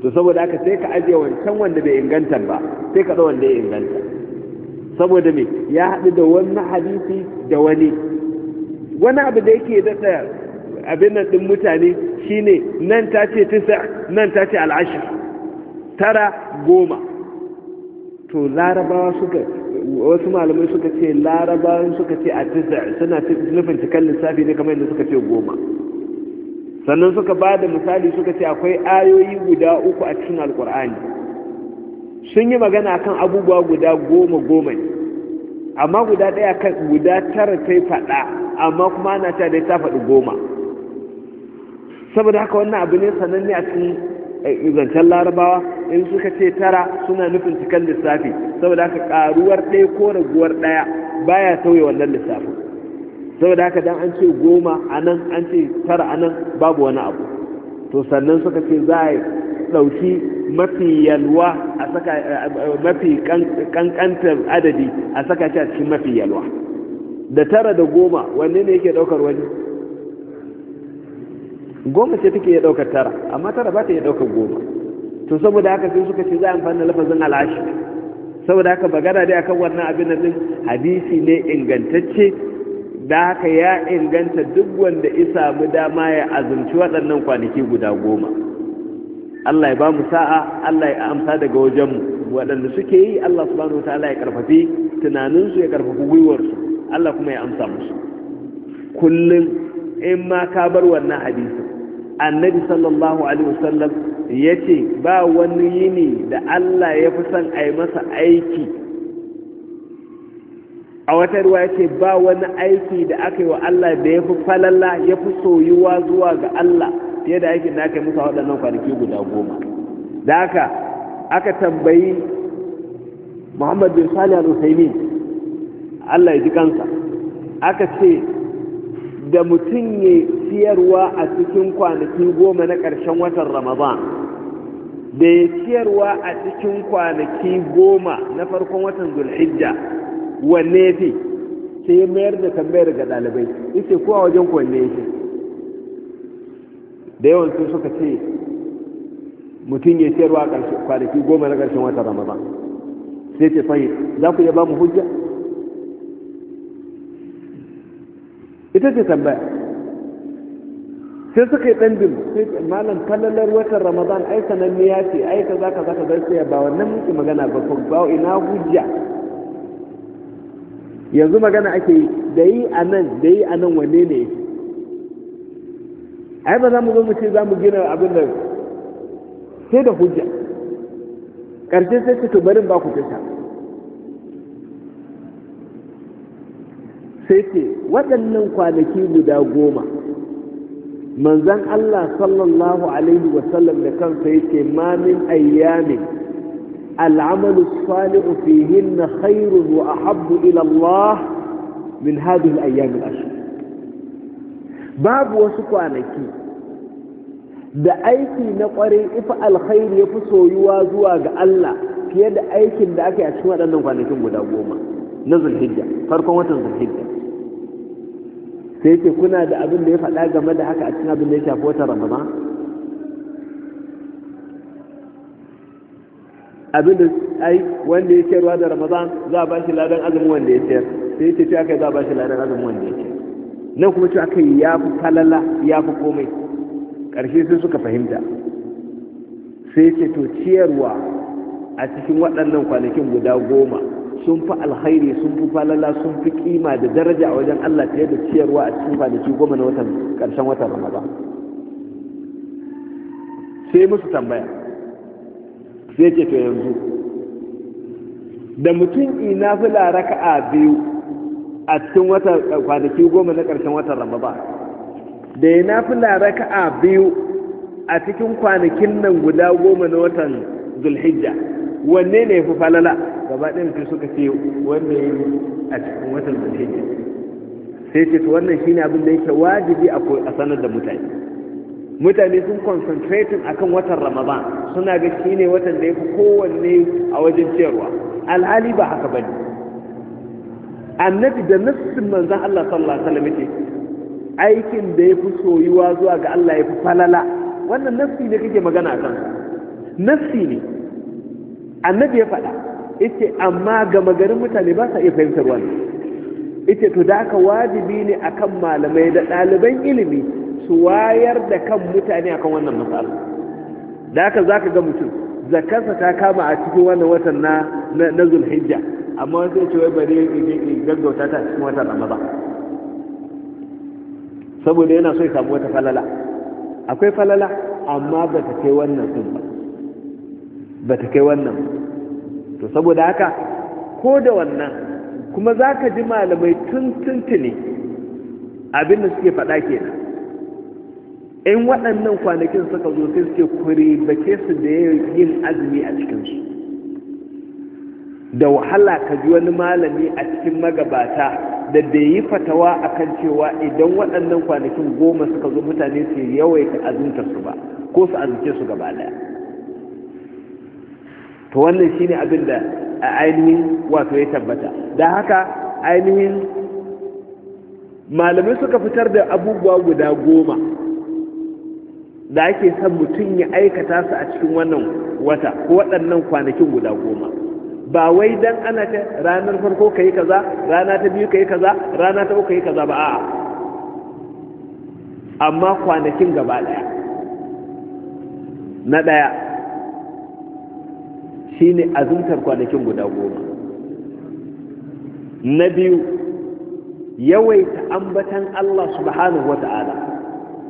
to saboda haka sai ka ajiye wancan wanda bai inganta ba sai ka wanda ya inganta saboda mai ya haɗu da wannan hadisi da wani wani abu da yake daɗa abin nan ɗin mutane shine nan ta ce tisa nan ta ce al'ashir tara goma to larabawa suka wasu malamai suka ce larabawa suka ce a tisa suna nufin cikin lissafi ne kamar yadda suka ce goma sannan suka ba da misali suka ce akwai ayoyi guda uku a cikin alkur'ani sun yi magana kan abubuwa guda goma goma ne amma guda ɗaya kan guda tara ta yi faɗa amma kuma ana ta dai ta faɗi goma saboda haka wannan abu ne sananne a cikin eh, zancen larabawa in suka ce tara suna nufin cikin lissafi saboda haka ƙaruwar ɗaya ko raguwar ɗaya baya sauya wannan lissafin saboda haka dan an ce goma a nan an ce tara a babu wani abu to sannan suka ce za a ɗauki mafi yalwa a saka mafi kankantar adadi a saka shi a cikin mafi yalwa da tara da goma wanne ne yake ɗaukar wani goma ce take ya ɗaukar tara amma tara ba ta iya ɗaukar goma to saboda haka sai suka ce za a amfani da lafazin al'ashi saboda haka bagada dai akan wannan abin da din hadisi ne ingantacce da haka ya inganta duk wanda ya samu dama ya azumci waɗannan kwanaki guda goma Allah ya ba mu sa'a Allah ya amsa daga wajenmu waɗanda suke yi Allah subhanahu wa ta'ala ya karfafi tunaninsu ya karfafi gwiwarsu Allah kuma ya amsa musu kullum in ma ka bar wannan hadisi annabi sallallahu alaihi wasallam ya ce ba wani yini da Allah ya fi son a masa aiki a wata ruwa ce ba wani aiki da aka yi wa Allah da ya fi falalla ya fi soyuwa zuwa ga Allah fiye da aikin da aka yi musu a waɗannan kwanaki guda goma da haka aka tambayi muhammad bin salih al-usaimin allah ya ji kansa aka ce da mutum ya ciyarwa a cikin kwanaki goma na ƙarshen watan ramadan da ya ciyarwa a cikin kwanaki goma na farkon watan zulhijja wanne fi sai ya mayar da tambayar ga ɗalibai ita kowa wajen kwanne fi da yawan suka ce mutum ya sayarwa kwanaki goma na ƙarshen watan ramadan sai ce fahim za ku iya ba mu hujja ita ce tambaya sai suka yi ɗan bin sai malam kallalar watan ramadan ai ya ce ai ka za ka za ka zai tsaya ba wannan muke magana ba ku ba ina hujja yanzu magana ake yi da yi a nan da yi a nan wanne ne ai ba za mu zo mu ce za mu gina abin nan sai da hujja ƙarshe sai su barin ba ku fita sai ce waɗannan kwanaki guda goma manzan Allah sallallahu alaihi wasallam da kansa yake ma min ayyamin al'amalu salihu fihinna khairun wa ahabbu ila Allah min hadhihi al babu wasu kwanaki da aiki na kwarai ifa alkhairi ya fi soyuwa zuwa ga Allah fiye da aikin da aka yi a cikin waɗannan kwanakin guda goma na zulhijja farkon watan zulhijja sai ce kuna da abin da ya faɗa game da haka a cikin abin da ya shafi wata ramama abin da ai wanda ya ruwa da ramadan za a ba shi ladan azumin wanda ya ce sai ce aka za a ba shi ladan azumin wanda ya ce nan kuma cewa kai ya fi falala ya fi komai ƙarshe sai suka fahimta sai ce to ciyarwa a cikin waɗannan kwanakin guda goma sun fi alhairi sun fi falala sun fi kima da daraja a wajen Allah fiye da ciyarwa a cikin kwanaki goma na watan ƙarshen watan Ramadan sai musu tambaya sai ce to yanzu da mutum ina fi laraka a biyu a cikin wata kwanaki goma na ƙarshen watan ramadan da ya laraka a biyu a cikin kwanakin nan guda goma na watan zulhijja wanne ne ya fi falala gaba ɗin su suka ce wanda ya yi a cikin watan zulhijja sai ce to wannan shine abin da yake wajibi a sanar da mutane mutane sun concentrating akan watan ramadan suna ga shine watan da ya fi kowanne a wajen ciyarwa alhali ba haka bane annabi da nassin manzan Allah sallallahu alaihi wasallam yake aikin da ya fi soyuwa zuwa ga Allah ya fi falala wannan nassi ne kake magana kan nassi ne annabi ya faɗa yace amma ga magarin mutane ba sa iya fahimtar wannan yace to da aka wajibi ne akan malamai da ɗaliban ilimi su wayar da kan mutane akan wannan matsala da haka zaka ga mutum zakarsa ta kama a cikin wannan watan na na zulhijja amma wani sai ce wai bari in gaggauta ta cikin watan ramadan saboda yana so ya samu wata falala akwai falala amma ba ta kai wannan sun ba ba ta kai wannan to saboda haka ko da wannan kuma za ka ji malamai tun tuntuni abinda suke faɗa nan in waɗannan kwanakin suka zo sai suke kuri bace su da yin azumi a cikinsu da wahala ka ji wani malami a cikin magabata da bai yi fatawa a kan cewa idan waɗannan kwanakin goma suka zo mutane su yawaita azuntar su ba ko su azumce su gaba daya to wannan shine abin da a ainihin wato ya tabbata da haka ainihin malamai suka fitar da abubuwa guda goma da ake son mutum ya aikata su a cikin wannan wata ko waɗannan kwanakin guda goma ba wai dan ana ta ranar farko ka yi kaza rana ta biyu ka yi kaza rana ta uku ka yi kaza ba a'a amma kwanakin gaba daya na daya shine azumtar kwanakin guda goma na biyu yawaita ambatan Allah subhanahu wa ta'ala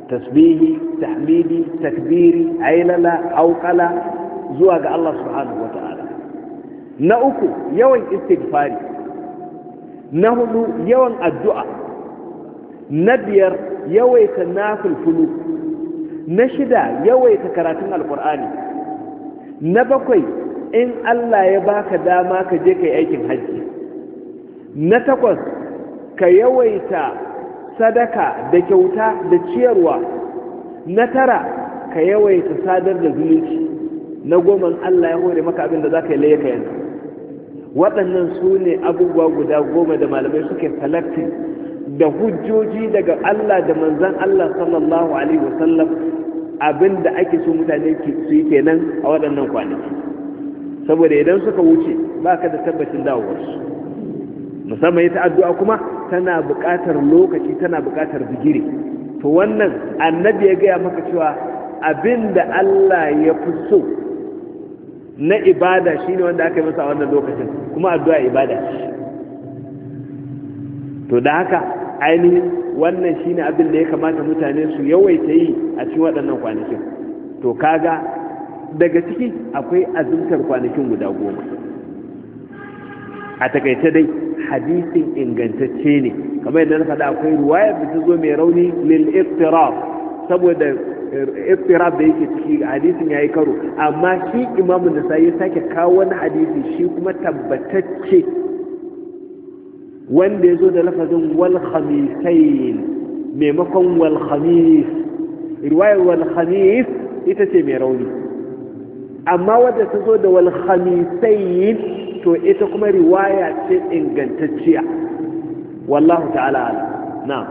tasbihi tahmidi takbiri ailala auqala zuwa ga Allah subhanahu wa ta'ala na uku yawan istighfari na hudu yawan addu'a na biyar yawaita nafilfulu na shida yawaita karatun alkur'ani na bakwai in Allah ya baka dama ka je ka yi aikin hajji na takwas ka yawaita sadaka da kyauta da ciyarwa na tara ka yawaita sadar da zumunci na goma Allah ya hore maka abin da za ka yi laye ka yanzu waɗannan su ne abubuwa guda goma da malamai suke falakti da hujjoji daga Allah da manzan Allah sallallahu alaihi wasallam abin da ake so mutane su yi kenan a waɗannan kwanaki saboda idan suka wuce ba ka da tabbacin dawowarsu musamman ita addu'a kuma tana buƙatar lokaci tana buƙatar bigire to wannan annabi ya gaya maka cewa abin da Allah ya fi so na ibada shine wanda aka yi masa a wannan lokacin kuma addu'a ibada to da haka ainihin wannan shine abin da ya kamata mutane su yawaita yi a cikin waɗannan kwanakin to kaga daga ciki akwai azumtar kwanakin guda goma a takaice dai hadisin ingantacce ne kamar yadda na faɗa akwai ruwayar da ta zo mai rauni lil saboda istirab da yake ciki hadisin yayi karo amma shi imamu nasa'i ya sake kawo wani hadisi shi kuma tabbatacce wanda ya zo da lafazin wal khamisain maimakon wal khamis riwayar wal khamis ita ce mai rauni amma wadda ta zo da wal khamisain to ita kuma riwaya ce ingantacciya wallahu ta'ala na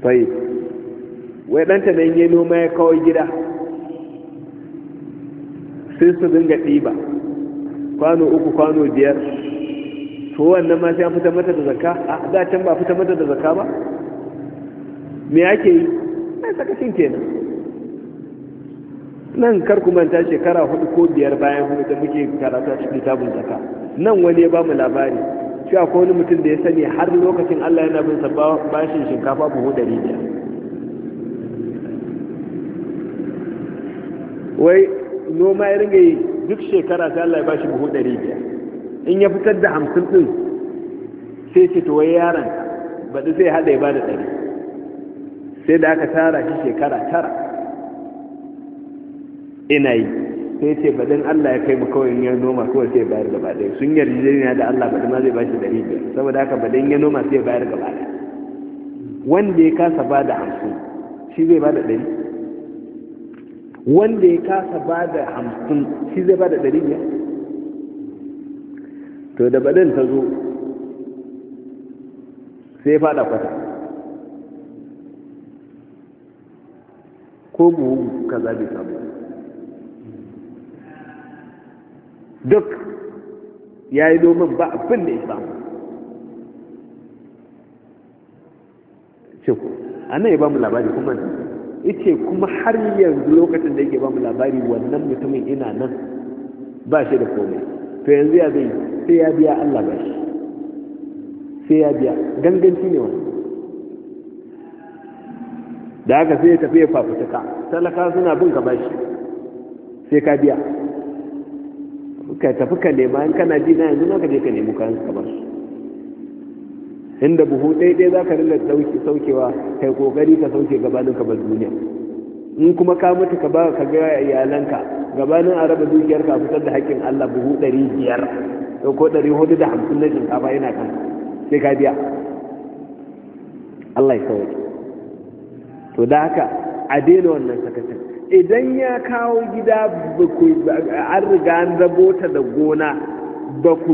طيب wai ɗanta nan ya noma ya kawo gida sai su dinga ɗiba kwano uku kwano biyar to wannan ma sai an fita mata da zaka a da can ba fita mata da zaka ba me ake yi mai sakacin kenan nan kar ku manta shekara hudu ko biyar bayan hudu da muke karatu a cikin littafin zaka nan wani ya ba mu labari cewa ko wani mutum da ya sani har lokacin Allah yana bin sa bashin shinkafa buhu ɗari biyar wai noma ya ringa yi duk shekara sai Allah ya bashi buhu ɗari biyar in ya fitar da hamsin ɗin sai ce to wai yaron baɗi sai haɗa ya ba da ɗari sai da aka tara shi shekara tara ina yi sai ce baɗin Allah ya kai mu kawai ya noma kawai sai bayar gaba ɗaya sun yarjejeniya da Allah baɗi ma zai bashi ɗari biyar saboda haka baɗin ya noma sai bayar gaba ɗaya wanda ya kasa ba da hamsin shi zai ba da ɗari wanda ya kasa ba da hamsin shi zai ba da ɗari biyar to da baɗin ta zo sai faɗa kwata ko buhu ka zaɓi samu duk ya yi domin ba abin da ya samu ce ku nan ya ba mu labari kuma ne ita kuma har yanzu lokacin da yake ba mu labari wannan mutumin ina nan ba shi da komai to yanzu ya zai sai ya biya Allah ba shi sai ya biya ganganci ne wani da haka sai ya tafi ya fafuta ka. talaka suna bin ka bashi sai ka biya ka tafi ka nema in kana ji na yanzu na ka je ka nemi kayan ka bashi inda buhu ɗaya-ɗaya za ka rinna saukewa kai ƙoƙari ka sauke gabanin ka bar duniya in kuma ka mutu ka ba ka gaya iyalanka gabanin a raba dukiyarka a fitar da haƙƙin Allah buhu ɗari biyar ko ɗari hudu da hamsin na shinkafa yana kan sai ka biya Allah ya sauke to da haka a daina wannan sakacin idan ya kawo gida an riga an rabota da gona ba ku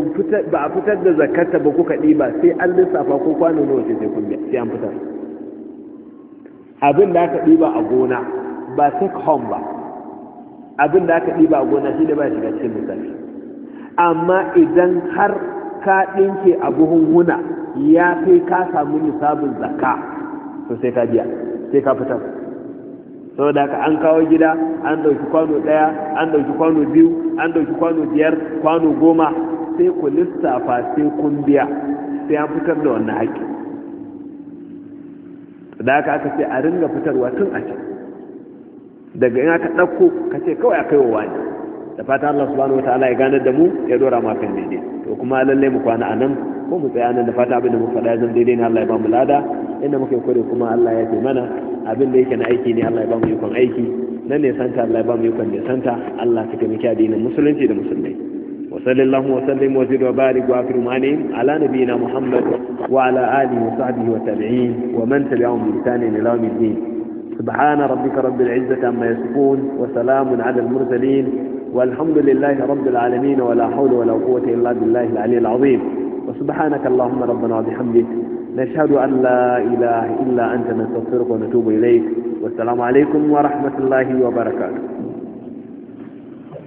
ba a fitar da zakata ba kuka ɗiba sai an lissafa ko kwano nawa ce sai kun sai an fitar abin da aka ɗiba a gona ba take home ba abin da aka ɗiba a gona shi da ba shiga cikin lissafi amma idan har ka ɗinke a buhunhuna ya kai ka samu nisabin zakka to sai ka biya sai ka fitar saboda ka an kawo gida an ɗauki kwano ɗaya an ɗauki kwano biyu an ɗauki kwano biyar kwano goma sai ku lissafa sai kun biya sai an fitar da wannan haƙƙi da ka aka ce a ringa fitarwa tun a can daga in aka ɗauko ka ce kawai a kai wa wani da fata Allah subhanahu wa ta'ala ya ganar da mu ya dora ma kan daidai to kuma lallai mu kwana a nan ko mu tsaya nan da fata abin da muka faɗa zan daidai ne Allah ya ba lada inda muka yi kore kuma Allah ya ce mana abin da yake na aiki ne Allah ya ba mu yukon aiki nan ne santa Allah ya ba mu yukon ne santa Allah ka taimaki addinin musulunci da musulmai wa sallallahu wa sallim wa zid wa barik wa akrim alayhim ala nabiyyina muhammad wa ala alihi wa sahbihi wa tabi'in wa man tabi'ahum bi ihsan ila yawm الدين سبحان ربك رب العزة عما يصفون وسلام على المرسلين والحمد لله رب العالمين ولا حول ولا قوة إلا بالله العلي العظيم وسبحانك اللهم ربنا وبحمدك نشهد أن لا إله إلا أنت نستغفرك ونتوب إليك والسلام عليكم ورحمة الله وبركاته